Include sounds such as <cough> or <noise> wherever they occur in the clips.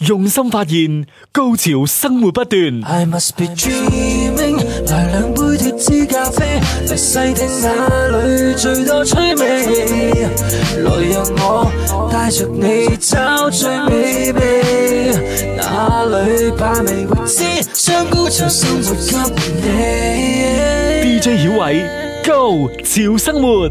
用心發現，高潮生活不斷。I must be dreaming，來兩杯脫脂咖啡，嚟細聽那裏最多趣味。來讓我帶着你找最美味，哪裏把味未知，將高潮生活給你。DJ 小偉，Go 潮生活。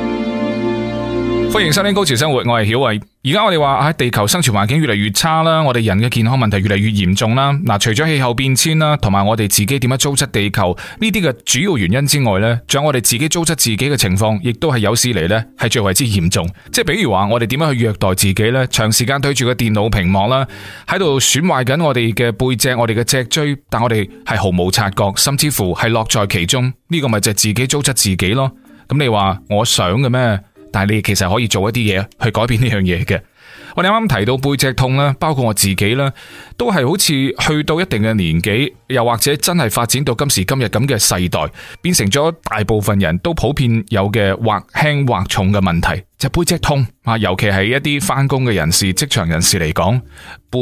歡迎收聽《高潮生活》，我係曉慧。而家我哋話喺地球生存環境越嚟越差啦，我哋人嘅健康問題越嚟越嚴重啦。嗱，除咗氣候變遷啦，同埋我哋自己點樣糟質地球呢啲嘅主要原因之外呢，仲有我哋自己糟質自己嘅情況，亦都係有史以嚟呢係最為之嚴重。即係比如話我哋點樣去虐待自己呢？長時間對住個電腦屏幕啦，喺度損壞緊我哋嘅背脊、我哋嘅脊椎，但我哋係毫無察覺，甚至乎係樂在其中。呢個咪就係自己糟質自己咯。咁你話我想嘅咩？但係你其實可以做一啲嘢，去改變呢樣嘢嘅。我哋啱啱提到背脊痛啦，包括我自己啦。都係好似去到一定嘅年紀，又或者真係發展到今時今日咁嘅世代，變成咗大部分人都普遍有嘅或輕或重嘅問題，就背脊痛啊。尤其係一啲翻工嘅人士、職場人士嚟講，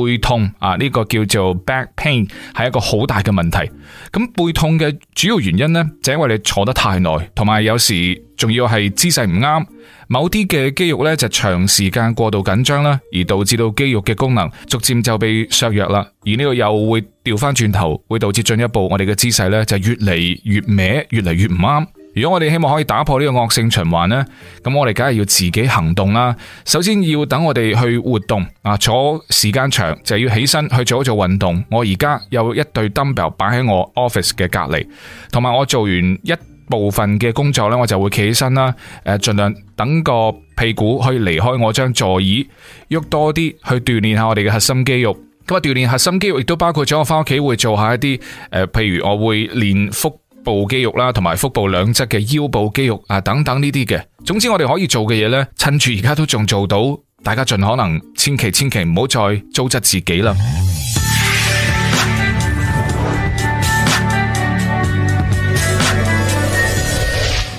背痛啊呢個叫做 back pain 係一個好大嘅問題。咁背痛嘅主要原因咧，就因為你坐得太耐，同埋有時仲要係姿勢唔啱，某啲嘅肌肉咧就長時間過度緊張啦，而導致到肌肉嘅功能逐漸就被削弱。而呢個又會掉翻轉頭，會導致進一步我哋嘅姿勢咧就越嚟越歪，越嚟越唔啱。如果我哋希望可以打破呢個惡性循環咧，咁我哋梗係要自己行動啦。首先要等我哋去活動啊，坐時間長就是，要起身去做一做運動。我而家有一對 dumbbell 擺喺我 office 嘅隔籬，同埋我做完一部分嘅工作呢我就會企起身啦。誒、啊，盡量等個屁股可以離開我張座椅，喐多啲去鍛煉下我哋嘅核心肌肉。咁啊，鍛煉核心肌肉亦都包括咗，我翻屋企會做下一啲誒、呃，譬如我會練腹部肌肉啦，同埋腹部兩側嘅腰部肌肉啊，等等呢啲嘅。總之，我哋可以做嘅嘢咧，趁住而家都仲做到，大家盡可能，千祈千祈唔好再糟質自己啦。 <music>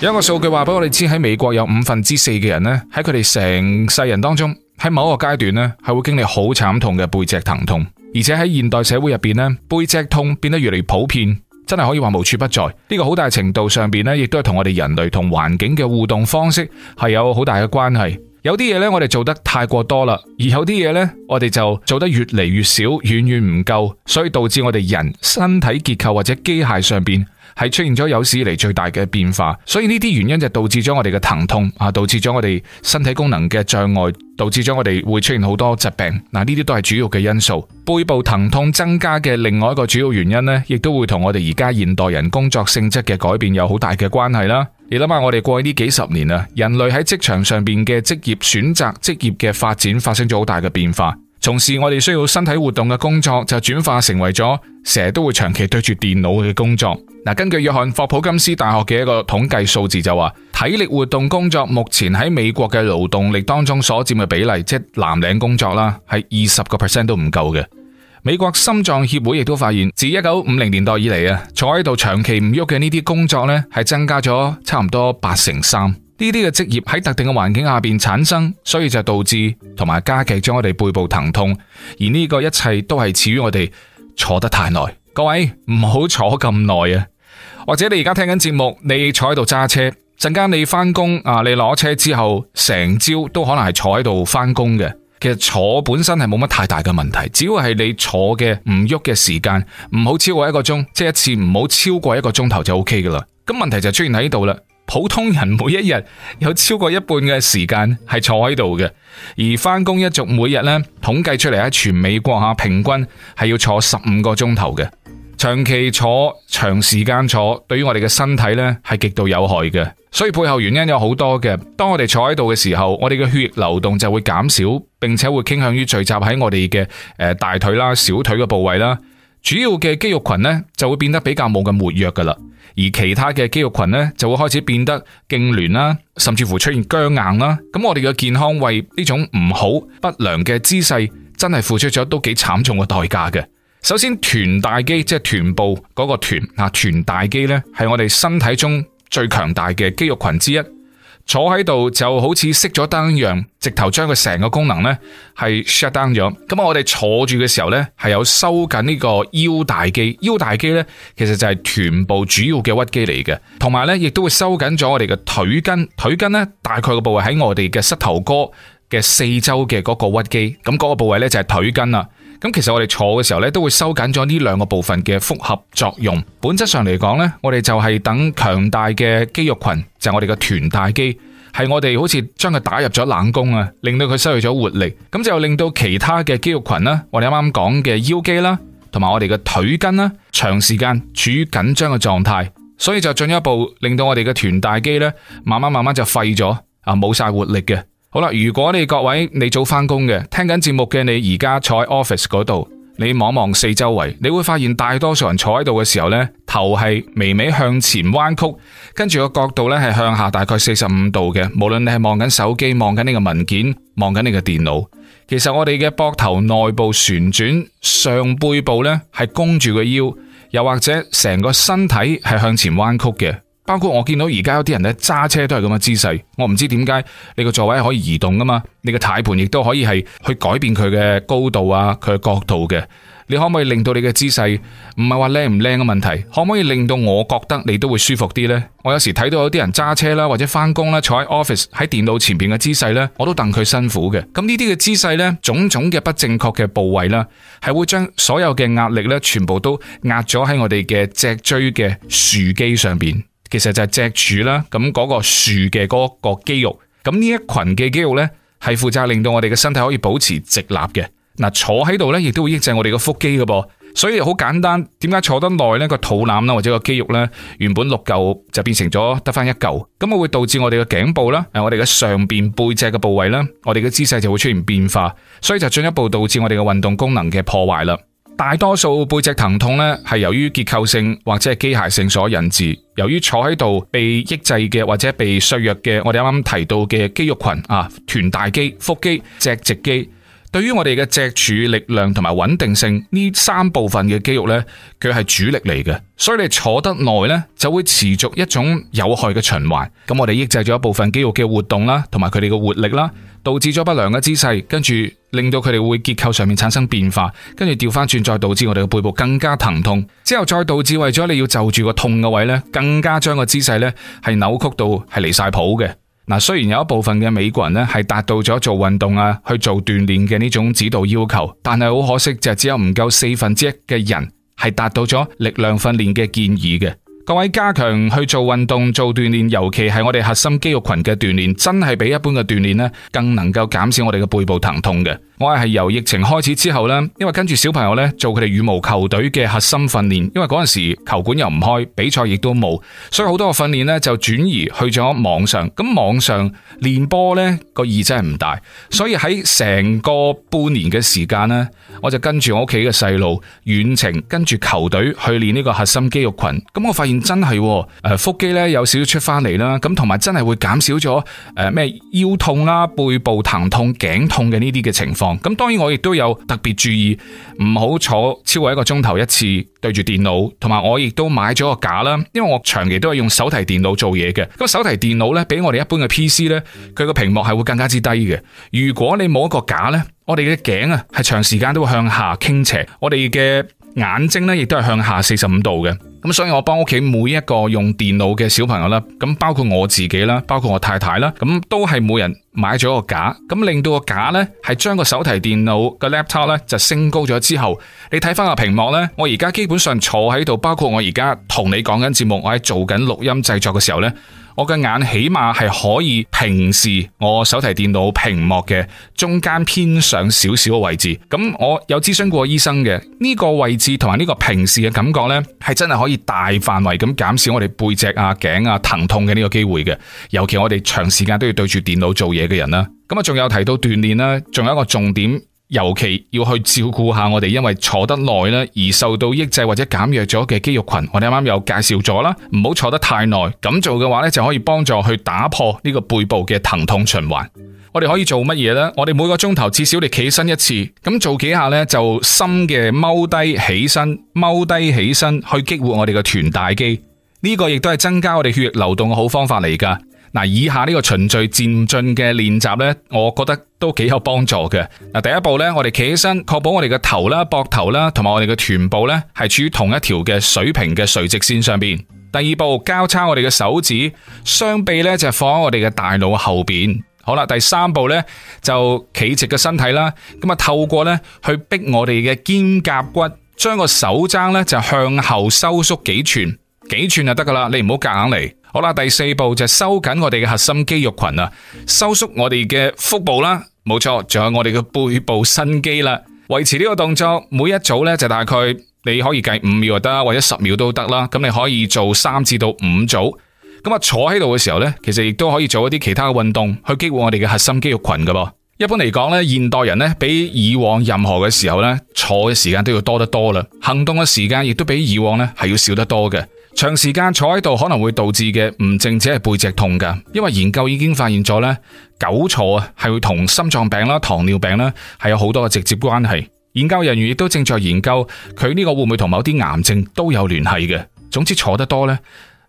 有一個數據話俾我哋知，喺美國有五分之四嘅人咧，喺佢哋成世人當中。喺某一個階段呢，係會經歷好慘痛嘅背脊疼痛，而且喺現代社會入面呢，背脊痛變得越嚟越普遍，真係可以話無處不在。呢、這個好大程度上邊呢，亦都係同我哋人類同環境嘅互動方式係有好大嘅關係。有啲嘢呢，我哋做得太過多啦，而有啲嘢呢，我哋就做得越嚟越少，遠遠唔夠，所以導致我哋人身體結構或者機械上邊，係出現咗有史以嚟最大嘅變化，所以呢啲原因就導致咗我哋嘅疼痛啊，導致咗我哋身體功能嘅障礙，導致咗我哋會出現好多疾病。嗱，呢啲都係主要嘅因素。背部疼痛增加嘅另外一個主要原因呢，亦都會同我哋而家現代人工作性質嘅改變有好大嘅關係啦。你諗下，我哋過去呢幾十年啊，人類喺職場上邊嘅職業選擇、職業嘅發展發生咗好大嘅變化。從事我哋需要身體活動嘅工作，就轉化成為咗成日都會長期對住電腦嘅工作。嗱，根據約翰霍普普金斯大學嘅一個統計數字就話，體力活動工作目前喺美國嘅勞動力當中所佔嘅比例，即係藍領工作啦，係二十個 percent 都唔夠嘅。美國心臟協會亦都發現，自一九五零年代以嚟啊，坐喺度長期唔喐嘅呢啲工作呢，係增加咗差唔多八成三。呢啲嘅職業喺特定嘅環境下邊產生，所以就導致同埋加劇將我哋背部疼痛。而呢個一切都係始於我哋坐得太耐。各位唔好坐咁耐啊！或者你而家聽緊節目，你坐喺度揸車，陣間你翻工啊，你攞車之後成朝都可能係坐喺度翻工嘅。其實坐本身係冇乜太大嘅問題，只要係你坐嘅唔喐嘅時間唔好超過一個鐘，即係一次唔好超過一個鐘頭就 O K 噶啦。咁問題就出現喺呢度啦。普通人每一日有超過一半嘅時間係坐喺度嘅，而返工一族每日咧，統計出嚟，喺全美國吓平均係要坐十五個鐘頭嘅。長期坐，長時間坐，對於我哋嘅身體咧，係極度有害嘅。所以背後原因有好多嘅。當我哋坐喺度嘅時候，我哋嘅血液流動就會減少，並且會傾向於聚集喺我哋嘅誒，大腿啦、小腿嘅部位啦，主要嘅肌肉群呢就會變得比較冇咁活躍噶啦。而其他嘅肌肉群呢，就會開始變得痙攣啦，甚至乎出現僵硬啦。咁我哋嘅健康為呢種唔好不良嘅姿勢，真係付出咗都幾慘重嘅代價嘅。首先，臀大肌即係、就是、臀部嗰個臀啊，臀大肌呢，係我哋身體中最強大嘅肌肉群之一。坐喺度就好似熄咗燈一樣，直頭將佢成個功能呢係 shutdown 咗。咁我哋坐住嘅時候呢，係有收緊呢個腰大肌。腰大肌呢，其實就係臀部主要嘅屈肌嚟嘅，同埋呢亦都會收緊咗我哋嘅腿根。腿根呢，大概個部位喺我哋嘅膝頭哥嘅四周嘅嗰個屈肌。咁、那、嗰個部位呢就，就係腿根啦。咁其實我哋坐嘅時候咧，都會收緊咗呢兩個部分嘅複合作用。本質上嚟講呢，我哋就係等強大嘅肌肉群，就係我哋嘅臀大肌，係我哋好似將佢打入咗冷宮啊，令到佢失去咗活力。咁就令到其他嘅肌肉群啦，我哋啱啱講嘅腰肌啦，同埋我哋嘅腿筋啦，長時間處於緊張嘅狀態，所以就進一步令到我哋嘅臀大肌呢，慢慢慢慢就廢咗啊，冇晒活力嘅。好啦，如果你各位你早翻工嘅，聽緊節目嘅，你而家坐喺 office 嗰度，你望望四周圍，你會發現大多數人坐喺度嘅時候呢，頭係微微向前彎曲，跟住個角度呢係向下大概四十五度嘅。無論你係望緊手機、望緊呢個文件、望緊呢個電腦，其實我哋嘅膊頭內部旋轉，上背部呢係弓住個腰，又或者成個身體係向前彎曲嘅。包括我見到而家有啲人咧揸車都係咁嘅姿勢，我唔知點解你個座位可以移動噶嘛？你個軚盤亦都可以係去改變佢嘅高度啊，佢嘅角度嘅，你可唔可以令到你嘅姿勢唔係話靚唔靚嘅問題？可唔可以令到我覺得你都會舒服啲呢？我有時睇到有啲人揸車啦，或者翻工啦，坐喺 office 喺電腦前面嘅姿勢呢，我都戥佢辛苦嘅。咁呢啲嘅姿勢呢，種種嘅不正確嘅部位啦，係會將所有嘅壓力呢，全部都壓咗喺我哋嘅脊椎嘅豎肌上邊。其實就係脊柱啦，咁嗰個豎嘅嗰個肌肉，咁呢一群嘅肌肉呢，係負責令到我哋嘅身體可以保持直立嘅。嗱，坐喺度呢，亦都會抑制我哋嘅腹肌噶噃，所以好簡單。點解坐得耐呢？個肚腩啦，或者個肌肉呢，原本六嚿就變成咗得翻一嚿，咁我會導致我哋嘅頸部啦，我哋嘅上邊背脊嘅部位啦，我哋嘅姿勢就會出現變化，所以就進一步導致我哋嘅運動功能嘅破壞啦。大多數背脊疼痛咧，係由於結構性或者係機械性所引致。由於坐喺度被抑制嘅或者被削弱嘅，我哋啱啱提到嘅肌肉群啊，臀大肌、腹肌、脊直肌。對於我哋嘅脊柱力量同埋穩定性，呢三部分嘅肌肉，呢佢係主力嚟嘅，所以你坐得耐呢就會持續一種有害嘅循環。咁我哋抑制咗一部分肌肉嘅活動啦，同埋佢哋嘅活力啦，導致咗不良嘅姿勢，跟住令到佢哋會結構上面產生變化，跟住掉返轉，再導致我哋嘅背部更加疼痛，之後再導致為咗你要就住個痛嘅位呢，更加將個姿勢呢係扭曲到係離晒譜嘅。嗱，雖然有一部分嘅美國人咧係達到咗做運動啊去做鍛煉嘅呢種指導要求，但係好可惜就只有唔夠四分之一嘅人係達到咗力量訓練嘅建議嘅。各位加強去做運動做鍛煉，尤其係我哋核心肌肉群嘅鍛煉，真係比一般嘅鍛煉呢，更能夠減少我哋嘅背部疼痛嘅。我係由疫情開始之後呢，因為跟住小朋友呢做佢哋羽毛球隊嘅核心訓練，因為嗰陣時球館又唔開，比賽亦都冇，所以好多嘅訓練呢就轉移去咗網上。咁網上練波呢個意真係唔大，所以喺成個半年嘅時間呢，我就跟住我屋企嘅細路遠程跟住球隊去練呢個核心肌肉群。咁我發現真係，誒腹肌呢有少少出翻嚟啦，咁同埋真係會減少咗誒咩腰痛啦、背部疼痛、頸痛嘅呢啲嘅情況。咁當然我亦都有特別注意，唔好坐超過一個鐘頭一次對住電腦，同埋我亦都買咗個架啦。因為我長期都係用手提電腦做嘢嘅，個手提電腦咧比我哋一般嘅 PC 咧，佢個屏幕係會更加之低嘅。如果你冇一個架咧，我哋嘅頸啊係長時間都會向下傾斜，我哋嘅眼睛咧亦都係向下四十五度嘅。咁所以我幫屋企每一個用電腦嘅小朋友啦，咁包括我自己啦，包括我太太啦，咁都係每人。買咗個架，咁令到個架咧係將個手提電腦個 laptop 咧就升高咗之後，你睇翻個屏幕咧，我而家基本上坐喺度，包括我而家同你講緊節目，我喺做緊錄音製作嘅時候咧，我嘅眼起碼係可以平視我手提電腦屏幕嘅中間偏上少少嘅位置。咁我有諮詢過過醫生嘅呢個位置同埋呢個平視嘅感覺咧，係真係可以大範圍咁減少我哋背脊啊頸啊疼痛嘅呢個機會嘅。尤其我哋長時間都要對住電腦做嘢。嘅人啦，咁啊，仲有提到鍛煉啦，仲有一個重點，尤其要去照顧下我哋，因為坐得耐咧而受到抑制或者減弱咗嘅肌肉群。我哋啱啱有介紹咗啦，唔好坐得太耐，咁做嘅話咧就可以幫助去打破呢個背部嘅疼痛循環。我哋可以做乜嘢咧？我哋每個鐘頭至少你起身一次，咁做幾下咧就深嘅踎低起身，踎低起身去激活我哋嘅臀大肌，呢個亦都係增加我哋血液流動嘅好方法嚟噶。嗱，以下呢個循序漸進嘅練習呢，我覺得都幾有幫助嘅。嗱，第一步呢，我哋企起身，確保我哋嘅頭啦、膊頭啦，同埋我哋嘅臀部呢係處於同一條嘅水平嘅垂直線上邊。第二步，交叉我哋嘅手指，雙臂呢就放喺我哋嘅大腦後邊。好啦，第三步呢，就企直嘅身體啦，咁啊透過呢去逼我哋嘅肩胛骨，將個手踭呢就向後收縮幾寸，幾寸就得㗎喇，你唔好夾硬嚟。好啦，第四步就收緊我哋嘅核心肌肉群啊，收縮我哋嘅腹部啦，冇錯，仲有我哋嘅背部伸肌啦。維持呢個動作，每一組呢，就大概你可以計五秒就得，或者十秒都得啦。咁你可以做三至到五組。咁啊坐喺度嘅時候呢，其實亦都可以做一啲其他嘅運動，去激活我哋嘅核心肌肉群噶噃。一般嚟講呢，現代人呢，比以往任何嘅時候呢，坐嘅時間都要多得多啦，行動嘅時間亦都比以往呢，係要少得多嘅。長時間坐喺度可能會導致嘅唔淨止係背脊痛噶，因為研究已經發現咗呢，久坐啊係會同心臟病啦、糖尿病啦係有好多嘅直接關係。研究人員亦都正在研究佢呢個會唔會同某啲癌症都有聯繫嘅。總之坐得多呢，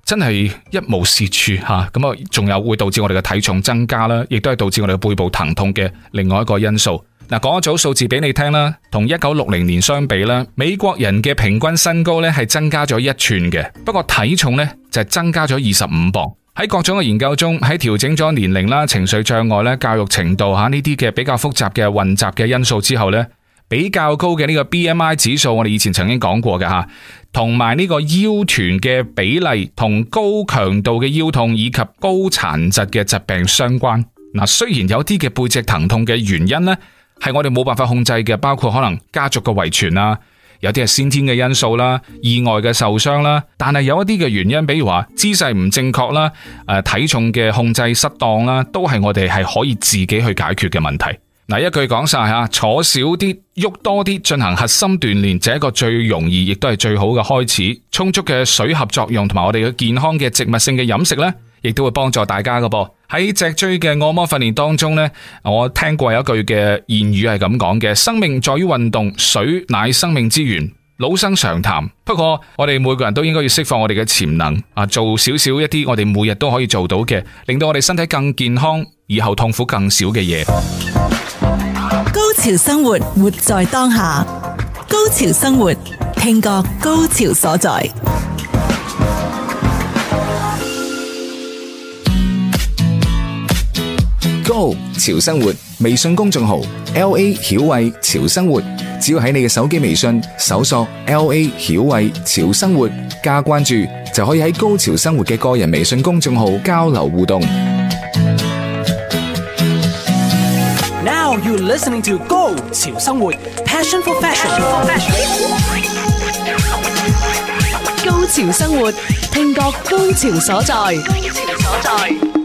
真係一無是處吓，咁啊仲有會導致我哋嘅體重增加啦，亦都係導致我哋嘅背部疼痛嘅另外一個因素。嗱，講一組數字俾你聽啦，同一九六零年相比啦，美國人嘅平均身高咧係增加咗一吋嘅，不過體重咧就增加咗二十五磅。喺各種嘅研究中，喺調整咗年齡啦、情緒障礙啦、教育程度吓呢啲嘅比較複雜嘅混雜嘅因素之後咧，比較高嘅呢個 BMI 指數，我哋以前曾經講過嘅吓，同埋呢個腰臀嘅比例同高強度嘅腰痛以及高殘疾嘅疾病相關。嗱，雖然有啲嘅背脊疼痛嘅原因咧，係我哋冇辦法控制嘅，包括可能家族嘅遺傳啦，有啲係先天嘅因素啦，意外嘅受傷啦。但係有一啲嘅原因，比如話姿勢唔正確啦，誒體重嘅控制失當啦，都係我哋係可以自己去解決嘅問題。嗱，一句講晒吓，坐少啲，喐多啲，進行核心鍛煉，就係一個最容易，亦都係最好嘅開始。充足嘅水合作用同埋我哋嘅健康嘅植物性嘅飲食呢，亦都會幫助大家噶噃。喺脊椎嘅按摩訓練當中呢，我聽過有一句嘅諺語係咁講嘅：生命在於運動，水乃生命之源，老生常談。不過，我哋每個人都應該要釋放我哋嘅潛能，啊，做少少一啲我哋每日都可以做到嘅，令到我哋身體更健康，以後痛苦更少嘅嘢。高潮生活，活在當下。高潮生活，聽過高潮所在。Go 潮生活微信公眾號，LA 曉慧潮生活，只要喺你嘅手機微信搜索 LA 曉慧潮生活加關注，就可以喺高潮生活嘅個人微信公眾號交流互動。Now you listening to Go 潮生活，Passion for Fashion，高潮生活聽覺高潮所在。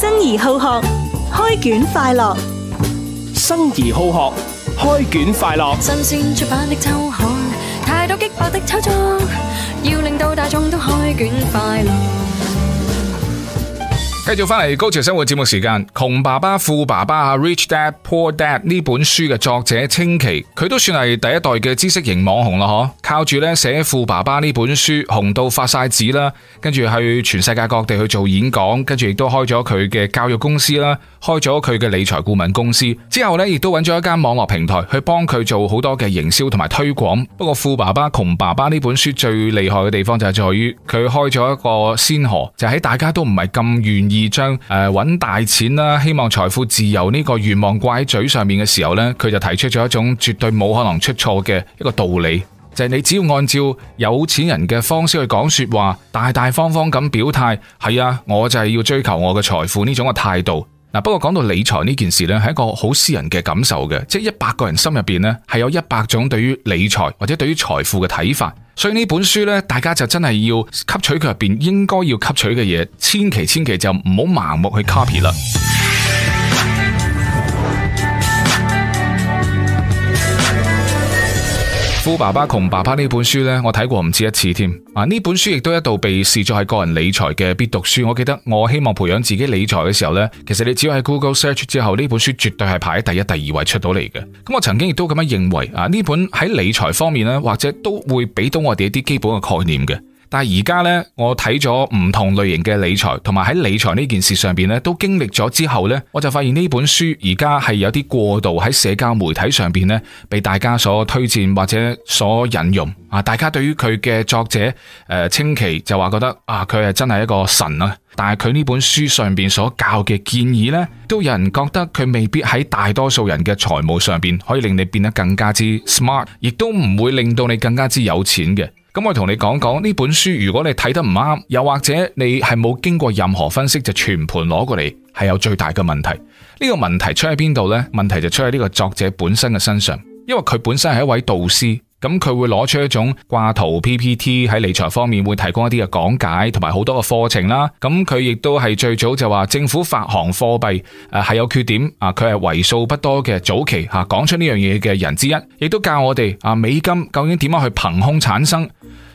生而好學，開卷快樂。生而好學，開卷快樂。新鮮出版的秋刊，太多激爆的炒作，要令到大眾都開卷快樂。繼續翻嚟《高潮生活節目》時間，《窮爸爸富爸爸》啊，《Rich Dad Poor Dad》呢本書嘅作者清崎，佢都算係第一代嘅知識型網紅啦，嗬！靠住咧寫《富爸爸》呢本書紅到發晒紫啦，跟住去全世界各地去做演講，跟住亦都開咗佢嘅教育公司啦。開咗佢嘅理財顧問公司之後呢，亦都揾咗一間網絡平台去幫佢做好多嘅營銷同埋推廣。不過《富爸爸窮爸爸》呢本書最厲害嘅地方就係在於佢開咗一個先河，就喺大家都唔係咁願意將揾，呃、大錢啦，希望財富自由呢個願望掛喺嘴上面嘅時候呢，佢就提出咗一種絕對冇可能出錯嘅一個道理，就係你只要按照有錢人嘅方式去講說話，大大方方咁表態，係啊，我就係要追求我嘅財富呢種嘅態度。嗱，不過講到理財呢件事呢係一個好私人嘅感受嘅，即係一百個人心入邊呢係有一百種對於理財或者對於財富嘅睇法，所以呢本書呢，大家就真係要吸取佢入邊應該要吸取嘅嘢，千祈千祈就唔好盲目去 copy 啦。富爸爸窮爸爸呢本書呢，我睇過唔止一次添。啊，呢本書亦都一度被視作係個人理財嘅必讀書。我記得我希望培養自己理財嘅時候呢，其實你只要喺 Google search 之後，呢本書絕對係排喺第一、第二位出到嚟嘅。咁我曾經亦都咁樣認為啊，呢本喺理財方面呢，或者都會俾到我哋一啲基本嘅概念嘅。但係而家呢，我睇咗唔同類型嘅理財，同埋喺理財呢件事上邊呢，都經歷咗之後呢，我就發現呢本書而家係有啲過度喺社交媒體上邊呢，被大家所推薦或者所引用啊！大家對於佢嘅作者誒、呃，清崎就話覺得啊，佢係真係一個神啊！但係佢呢本書上邊所教嘅建議呢，都有人覺得佢未必喺大多數人嘅財務上邊可以令你變得更加之 smart，亦都唔會令到你更加之有錢嘅。咁、嗯、我同你講講呢本書，如果你睇得唔啱，又或者你係冇經過任何分析就全盤攞過嚟，係有最大嘅問題。呢、呢個問題出喺邊度呢？問題就出喺呢個作者本身嘅身上，因為佢本身係一位導師，咁、嗯、佢會攞出一種掛圖 PPT 喺理財方面會提供一啲嘅講解，同埋好多嘅課程啦。咁佢亦都係最早就話政府發行貨幣誒係、啊、有缺點啊，佢係為數不多嘅早期吓、啊、講出呢樣嘢嘅人之一，亦都教我哋啊美金究竟點樣去憑空產生。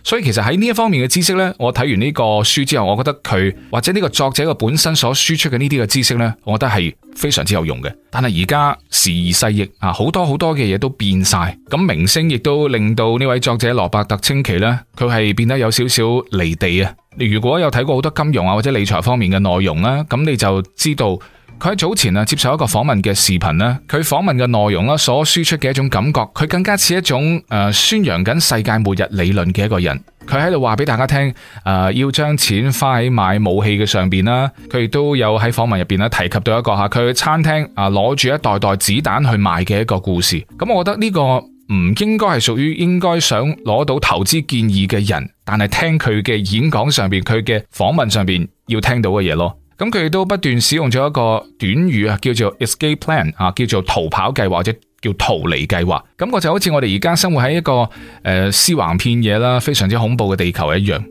所以其實喺呢一方面嘅知識呢，我睇完呢個書之後，我覺得佢或者呢個作者嘅本身所輸出嘅呢啲嘅知識呢，我覺得係非常之有用嘅。但係而家時移世易啊，好多好多嘅嘢都變晒，咁明星亦都令到呢位作者羅伯特清奇呢，佢係變得有少少離地啊！你如果有睇過好多金融啊或者理財方面嘅內容啦，咁你就知道。佢喺早前啊接受一個訪問嘅視頻咧，佢訪問嘅內容啦，所輸出嘅一種感覺，佢更加似一種誒、呃、宣揚緊世界末日理論嘅一個人。佢喺度話俾大家聽，誒、呃、要將錢花喺買武器嘅上邊啦。佢亦都有喺訪問入邊啦提及到一個吓，佢餐廳啊攞住一袋袋子彈去賣嘅一個故事。咁、嗯、我覺得呢個唔應該係屬於應該想攞到投資建議嘅人，但係聽佢嘅演講上邊，佢嘅訪問上邊要聽到嘅嘢咯。咁佢亦都不斷使用咗一個短語啊，叫做 escape plan 啊，叫做逃跑計劃或者叫逃離計劃。咁我就好似我哋而家生活喺一個誒屍橫遍野啦，非常之恐怖嘅地球一樣。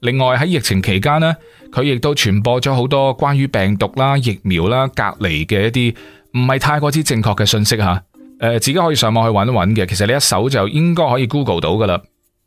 另外喺疫情期間呢，佢亦都傳播咗好多關於病毒啦、疫苗啦、隔離嘅一啲唔係太過之正確嘅信息吓。誒、呃，自己可以上網去揾一揾嘅，其實你一手就應該可以 Google 到噶啦。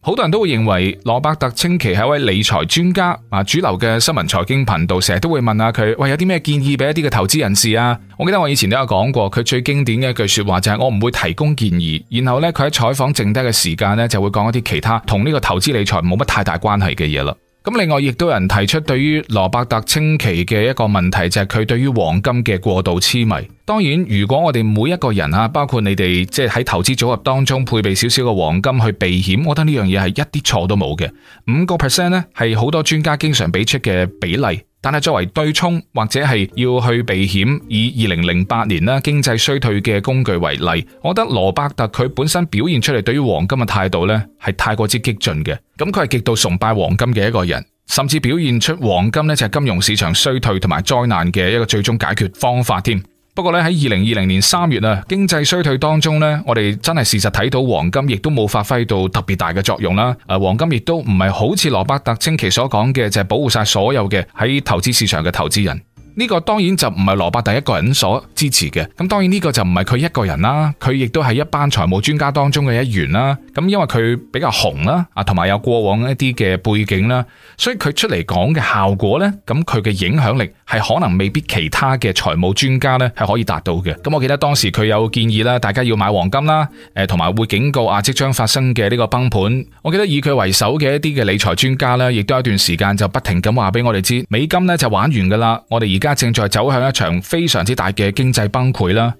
好多人都會認為羅伯特清崎係一位理財專家啊，主流嘅新聞財經頻道成日都會問下佢喂，有啲咩建議俾一啲嘅投資人士啊。我記得我以前都有講過佢最經典嘅一句說話就係，我唔會提供建議。然後呢，佢喺採訪剩低嘅時間呢，就會講一啲其他同呢個投資理財冇乜太大關係嘅嘢啦。咁另外亦都有人提出對於羅伯特清崎嘅一個問題，就係、是、佢對於黃金嘅過度痴迷。當然，如果我哋每一個人啊，包括你哋，即係喺投資組合當中配備少少嘅黃金去避險，我覺得呢樣嘢係一啲錯都冇嘅。五個 percent 咧，係好多專家經常俾出嘅比例。但係作為對沖或者係要去避險，以二零零八年咧經濟衰退嘅工具為例，我覺得羅伯特佢本身表現出嚟對於黃金嘅態度咧係太過之激進嘅，咁佢係極度崇拜黃金嘅一個人，甚至表現出黃金咧就係金融市場衰退同埋災難嘅一個最終解決方法添。不過咧喺二零二零年三月啊，經濟衰退當中咧，我哋真係事實睇到黃金亦都冇發揮到特別大嘅作用啦。誒，黃金亦都唔係好似羅伯特清崎所講嘅，就係、是、保護晒所有嘅喺投資市場嘅投資人。呢個當然就唔係羅伯特一個人所支持嘅，咁當然呢個就唔係佢一個人啦，佢亦都係一班財務專家當中嘅一員啦。咁因為佢比較紅啦，啊，同埋有過往一啲嘅背景啦，所以佢出嚟講嘅效果呢，咁佢嘅影響力係可能未必其他嘅財務專家呢係可以達到嘅。咁我記得當時佢有建議啦，大家要買黃金啦，誒，同埋會警告啊即將發生嘅呢個崩盤。我記得以佢為首嘅一啲嘅理財專家呢，亦都有一段時間就不停咁話俾我哋知，美金呢就玩完噶啦，我哋而。而家正在走向一場非常之大嘅經濟崩潰啦！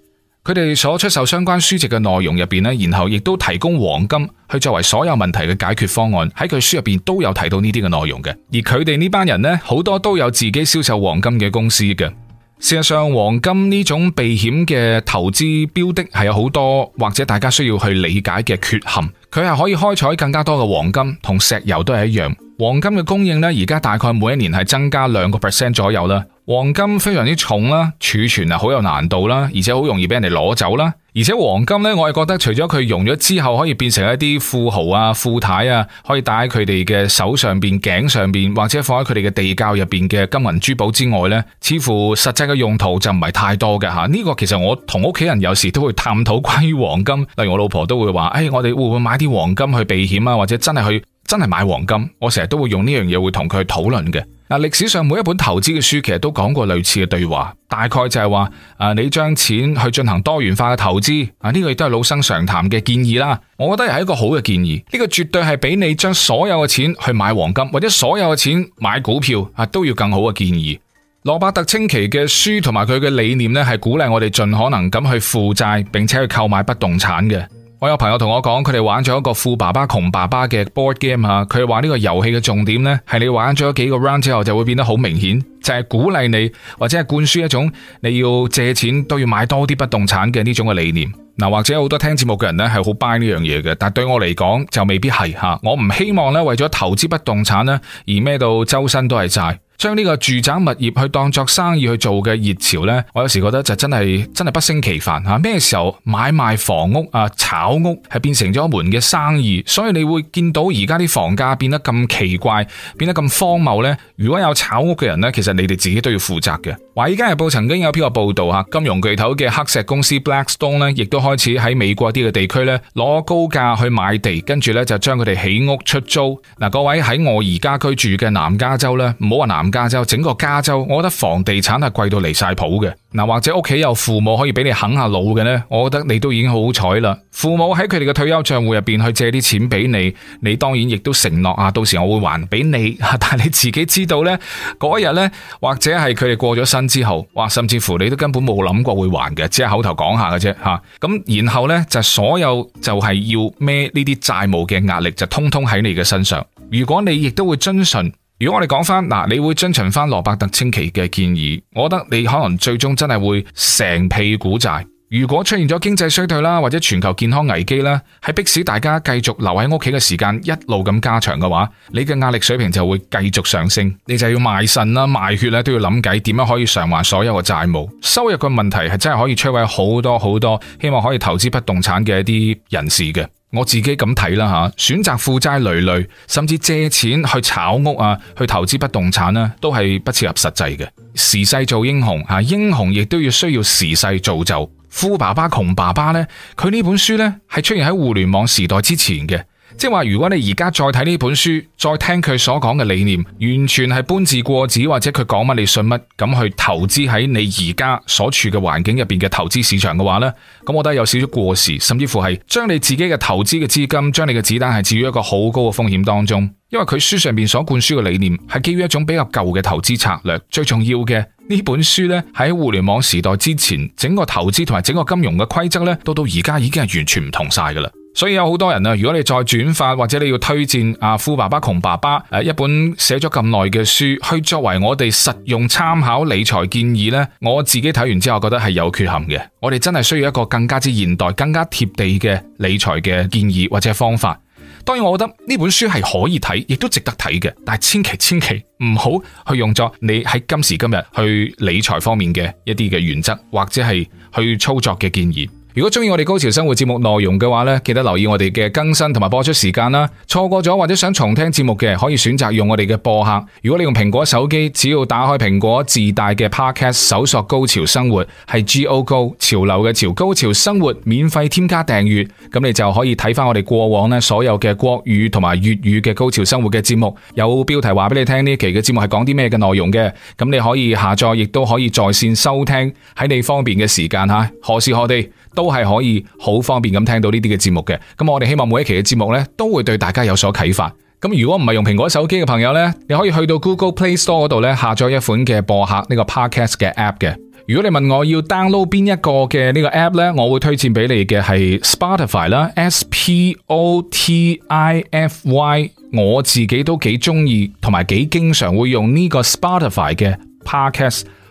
佢哋所出售相關書籍嘅內容入邊咧，然後亦都提供黃金去作為所有問題嘅解決方案，喺佢書入邊都有提到呢啲嘅內容嘅。而佢哋呢班人咧，好多都有自己銷售黃金嘅公司嘅。事實上，黃金呢種避險嘅投資標的係有好多，或者大家需要去理解嘅缺陷，佢係可以開採更加多嘅黃金，同石油都係一樣。黃金嘅供應呢，而家大概每一年係增加兩個 percent 左右啦。黃金非常之重啦，儲存啊好有難度啦，而且好容易俾人哋攞走啦。而且黃金呢，我係覺得除咗佢融咗之後，可以變成一啲富豪啊、富太啊，可以戴喺佢哋嘅手上邊、頸上邊，或者放喺佢哋嘅地窖入邊嘅金銀珠寶之外呢，似乎實際嘅用途就唔係太多嘅吓。呢個其實我同屋企人有時都會探討關於黃金，例如我老婆都會話，誒，我哋會唔會買啲黃金去避險啊？或者真係去？真係買黃金，我成日都會用呢樣嘢會同佢去討論嘅。嗱，歷史上每一本投資嘅書其實都講過類似嘅對話，大概就係話，誒，你將錢去進行多元化嘅投資，啊，呢個亦都係老生常談嘅建議啦。我覺得又係一個好嘅建議，呢個絕對係比你將所有嘅錢去買黃金或者所有嘅錢買股票啊都要更好嘅建議。羅伯特清奇嘅書同埋佢嘅理念咧，係鼓勵我哋盡可能咁去負債，並且去購買不動產嘅。我有朋友同我講，佢哋玩咗一個富爸爸窮爸爸嘅 board game 啊，佢話呢個遊戲嘅重點呢，係你玩咗幾個 round 之後就會變得好明顯，就係鼓勵你或者係灌輸一種你要借錢都要買多啲不動產嘅呢種嘅理念。嗱，或者好多聽節目嘅人咧係好 buy 呢樣嘢嘅，但係對我嚟講就未必係吓，我唔希望咧為咗投資不動產咧而孭到周身都係債，將呢個住宅物業去當作生意去做嘅熱潮呢，我有時覺得就真係真係不勝其煩吓，咩時候買賣房屋啊炒屋係變成咗一門嘅生意，所以你會見到而家啲房價變得咁奇怪，變得咁荒謬呢。如果有炒屋嘅人呢，其實你哋自己都要負責嘅。《華爾街日報》曾經有篇個報道吓，金融巨頭嘅黑石公司 Blackstone 咧，亦都開始喺美國啲嘅地區咧，攞高價去買地，跟住咧就將佢哋起屋出租。嗱、啊，各位喺我而家居住嘅南加州呢，唔好話南加州，整個加州，我覺得房地產係貴到離晒譜嘅。嗱、啊，或者屋企有父母可以俾你啃下老嘅呢，我覺得你都已經好彩啦。父母喺佢哋嘅退休賬戶入邊去借啲錢俾你，你當然亦都承諾啊，到時我會還俾你。啊、但係你自己知道呢，嗰日呢，或者係佢哋過咗身。之後，哇，甚至乎你都根本冇諗過會還嘅，只係口頭講下嘅啫吓。咁、啊、然後呢，就係、所有就係要孭呢啲債務嘅壓力，就通通喺你嘅身上。如果你亦都會遵循，如果我哋講翻嗱、啊，你會遵循翻羅伯特清奇嘅建議，我覺得你可能最終真係會成屁股債。如果出現咗經濟衰退啦，或者全球健康危機啦，係迫使大家繼續留喺屋企嘅時間一路咁加長嘅話，你嘅壓力水平就會繼續上升，你就要賣腎啦、賣血咧，都要諗計點樣可以償還所有嘅債務。收入嘅問題係真係可以摧毀好多好多希望可以投資不動產嘅一啲人士嘅。我自己咁睇啦嚇，選擇負債累累，甚至借錢去炒屋啊、去投資不動產呢，都係不切合實際嘅。時勢做英雄嚇，英雄亦都要需要時勢造就。富爸爸、窮爸爸咧，佢呢本書咧係出現喺互聯網時代之前嘅。即係話，如果你而家再睇呢本書，再聽佢所講嘅理念，完全係搬字過紙，或者佢講乜你信乜，咁去投資喺你而家所處嘅環境入邊嘅投資市場嘅話呢，咁我覺得有少少過時，甚至乎係將你自己嘅投資嘅資金，將你嘅子彈係置於一個好高嘅風險當中，因為佢書上面所灌輸嘅理念係基於一種比較舊嘅投資策略。最重要嘅呢本書呢，喺互聯網時代之前，整個投資同埋整個金融嘅規則呢，到到而家已經係完全唔同晒噶啦。所以有好多人啊，如果你再轉發或者你要推薦啊《富爸爸窮爸爸》誒一本寫咗咁耐嘅書，去作為我哋實用參考理財建議咧，我自己睇完之後覺得係有缺陷嘅。我哋真係需要一個更加之現代、更加貼地嘅理財嘅建議或者方法。當然，我覺得呢本書係可以睇，亦都值得睇嘅，但係千祈千祈唔好去用作你喺今時今日去理財方面嘅一啲嘅原則或者係去操作嘅建議。如果中意我哋高潮生活節目內容嘅話呢，記得留意我哋嘅更新同埋播出時間啦。錯過咗或者想重聽節目嘅，可以選擇用我哋嘅播客。如果你用蘋果手機，只要打開蘋果自帶嘅 Podcast，搜索“高潮生活”，係 G O Go 潮流嘅潮高潮生活，免費添加訂閱，咁你就可以睇翻我哋過往呢所有嘅國語同埋粵語嘅高潮生活嘅節目，有標題話俾你聽呢期嘅節目係講啲咩嘅內容嘅。咁你可以下載，亦都可以在線收聽，喺你方便嘅時間吓，何時何地都係可以好方便咁聽到呢啲嘅節目嘅，咁我哋希望每一期嘅節目呢，都會對大家有所啟發。咁如果唔係用蘋果手機嘅朋友呢，你可以去到 Google Play Store 度呢，下載一款嘅播客呢個 Podcast 嘅 App 嘅。如果你問我要 download 邊一個嘅呢個 App 呢，我會推薦俾你嘅係 Spotify 啦，S P O T I F Y，我自己都幾中意，同埋幾經常會用呢個 Spotify 嘅 Podcast。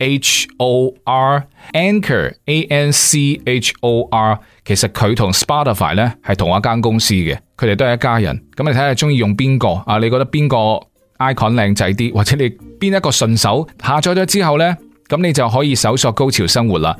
H O R Anchor A N C H O R，其實佢同 Spotify 咧，係同一間公司嘅，佢哋都係一家人。咁你睇下中意用邊個啊？你覺得邊個 icon 靚仔啲，或者你邊一個順手？下載咗之後呢，咁你就可以搜索高潮生活啦。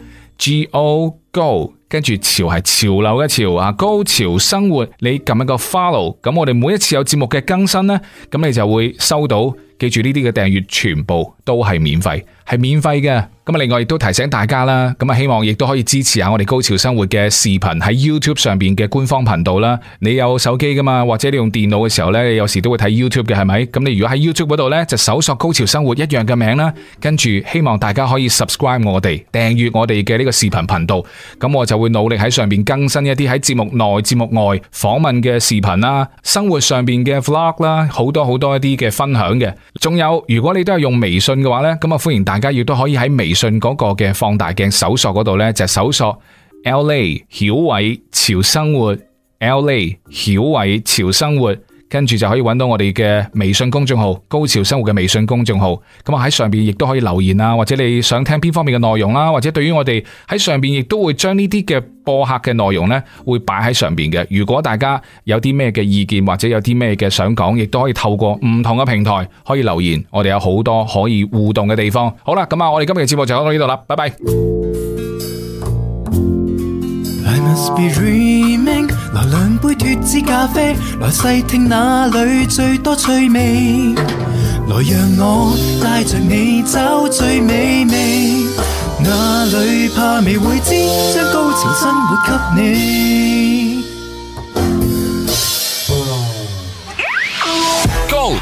Go Go，跟住潮係潮流嘅潮啊，高潮生活。你撳一個 Follow，咁我哋每一次有節目嘅更新呢，咁你就會收到。記住呢啲嘅訂閱全部都係免費，係免費嘅。咁啊，另外亦都提醒大家啦，咁啊，希望亦都可以支持下我哋高潮生活嘅視頻喺 YouTube 上邊嘅官方頻道啦。你有手機噶嘛？或者你用電腦嘅時候呢，有時都會睇 YouTube 嘅，係咪？咁你如果喺 YouTube 度呢，就搜索高潮生活一樣嘅名啦。跟住希望大家可以 subscribe 我哋訂閱我哋嘅呢個視頻頻道。咁我就會努力喺上邊更新一啲喺節目內、節目外訪問嘅視頻啦，生活上邊嘅 Vlog 啦，好多好多一啲嘅分享嘅。仲有，如果你都係用微信嘅話咧，咁啊歡迎大家亦都可以喺微信嗰個嘅放大鏡搜索嗰度咧，就係搜索 LA 曉偉潮生活，LA 曉偉潮生活。LA, 跟住就可以搵到我哋嘅微信公眾號《高潮生活》嘅微信公眾號，咁啊喺上邊亦都可以留言啊，或者你想聽邊方面嘅內容啦，或者對於我哋喺上邊亦都會將呢啲嘅播客嘅內容咧，會擺喺上邊嘅。如果大家有啲咩嘅意見或者有啲咩嘅想講，亦都可以透過唔同嘅平台可以留言，我哋有好多可以互動嘅地方。好啦，咁啊，我哋今日嘅節目就講到呢度啦，拜拜。來兩杯脫脂咖啡，來細聽哪裏最多趣味。來讓我帶着你找最美味，哪裏怕未會知將高潮生活給你。